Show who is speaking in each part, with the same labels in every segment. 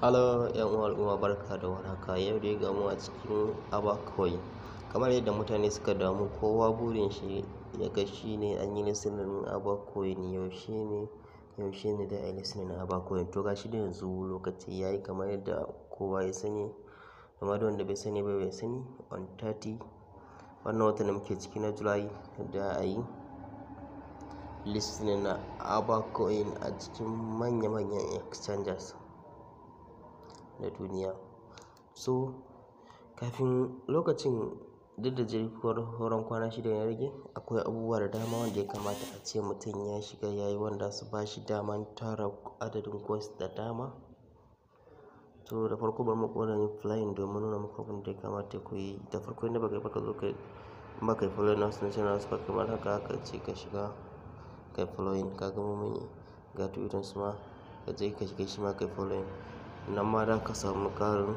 Speaker 1: Halo ‘yan uwa barka da warhaka yau dai ga mu a cikin Abakawai kamar yadda mutane suka damu kowa burin shi ya ga shi ne an yi listening Abacoin yaushe ne yaushe ne da a yi listening Abacoin to ga shi yanzu lokaci ya yi kamar yadda kowa ya sani amma da wanda bai sani ba bai sani on thirty wannan watan da muke ciki na July da a yi listings na abacoin a cikin manya-manyan exchanges na duniya so kafin lokacin duk da jirgin horon kwana shida ya rage akwai abubuwa da dama wanda ya kamata a ce mutum ya shiga ya yi wanda su ba shi daman tara adadin coins da dama to da farko bari mu ne flying domin nuna muku abin da ya kamata ku yi da farko inda baka baka zo yi baka yi flying na su na channel kamar haka haka ce ka shiga kai following ka gama mun ga twitter su ma ka je ka shiga shi ma kai following nan ma da ka samu karin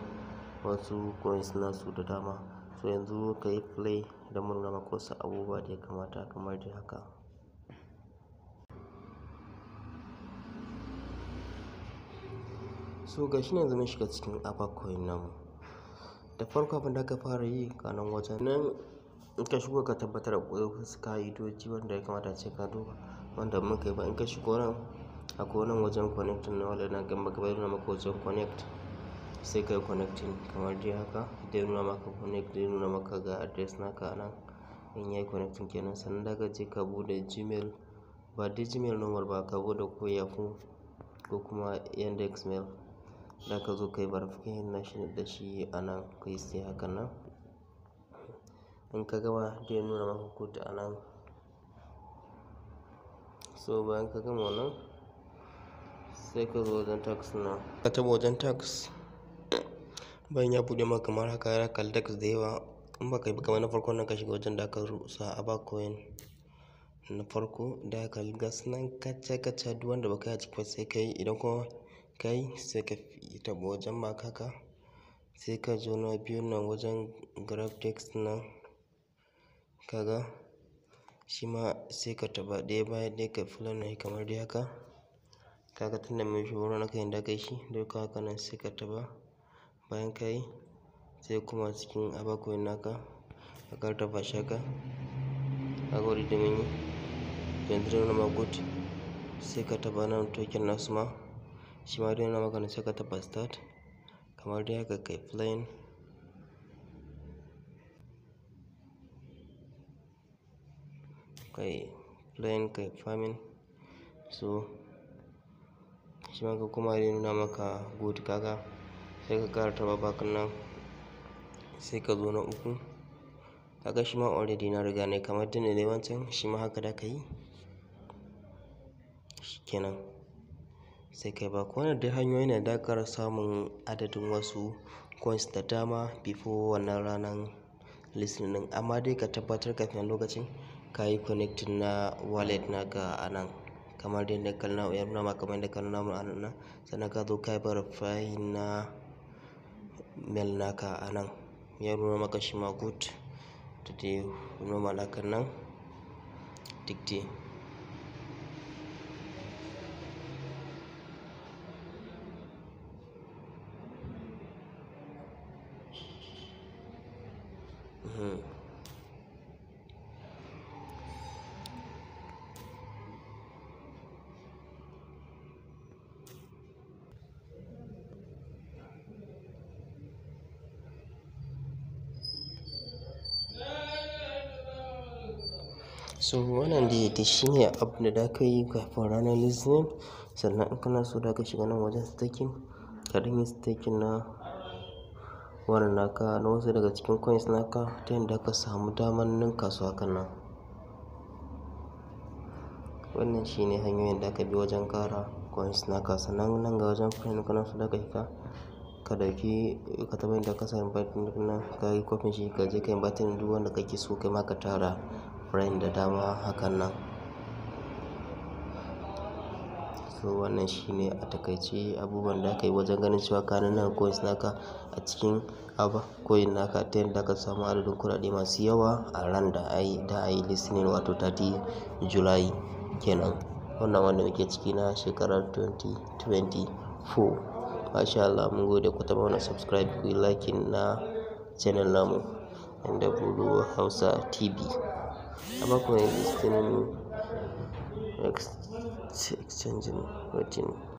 Speaker 1: wasu coins nasu da dama so yanzu ka yi play da mun gama ko abubuwa da ya kamata kamar da haka so ga shi ne mun shiga cikin coin namu da farko abin da ka fara yi kanan wajen nan ka shigo ka tabbatar da ƙwarfin su ka'idoji wanda ya kamata ce ka duba wanda muka yi ba in ka shigo nan a nan wajen connect na wanda na gamba gaba nuna maka wajen connect sai kai connecting kamar dai haka dai nuna maka connect dai nuna maka ga address naka nan in yayi connecting kenan sannan daga je ka bude gmail ba dai gmail number ba ka bude ko yahoo ko kuma index mail da ka zo kai verification na shi da shi a nan kai sai haka nan in ka gama dai nuna maka code a nan so bayan ka gama nan sai ka zo wajen tax na ka taba wajen tax bayan ya bude maka kamar haka ya rakal tax da yawa in baka yi kamar na farko nan ka shiga wajen da aka rusa a ba na farko da aka gas nan kaca kaca duk wanda baka yi a ciki sai ka yi idan kuma ka yi sai ka taba wajen maka ka sai ka zo na biyu nan wajen grab tax nan kaga shi ma sai ka taɓa ɗaya bayan ɗaya ka shi kamar dai haka kaga tunda mai shi wurin aka yanda kai shi duka haka nan sai ka taɓa bayan ka yi sai kuma cikin abakwai naka ka kartafa shi haka kaga wuri da mun yi yanzu da nama gud sai ka taɓa nan token nasu ma shi ma dai nama kan sai ka taɓa start kamar dai haka kai flying kai plain kai farming so shi ma ka kuma zai nuna maka good kaga sai ka kara taba bakin nan sai ka zo na uku kaga shi ma already na riga ne kamar din ne wancan shi ma haka da ka yi kenan sai kai ba kwanar dai hanyoyi ne da kara samun adadin wasu coins da dama before wannan ranar listening amma dai ka tabbatar ka kafin lokacin ka yi connecting na wallet na ga anan kamar dai na kallon ya nuna ma kamar da kallon namu anan nan sannan ka zo ka yi verifying na mail na ka anan ya nuna maka shi ma good to dey nuna malakan nan duk dai Mhm. so wannan da yake shi ne abu da da ka yi kafin ranar litinin sannan in kana so da ka shiga nan wajen staking ka ɗan staking na wani naka na wasu daga cikin coins naka ta yadda ka samu damar ninka su kan nan wannan shi ne hanyoyin da aka bi wajen kara coins naka sannan nan ga wajen friend kana su da ka ka ka dauki ka taba yadda ka sami invite na ka yi kofin shi ka je ka batin duk wanda kake so kai ma ka tara friend da dama hakan nan So wannan shine a takaice abubuwan da aka yi wajen ganin cewa ka nannaɗe coins naka a cikin aba na naka ta yadda ka samu adadin kuɗaɗe masu yawa a ran da ayi da ai listening wato 30 July kenan. Wannan wanda muke ciki na shekarar 2024. Masha Allah mun gode ku taɓa mana subscribe yi like na channel namu NW Hausa TV. A baku listening next. exchange in routine.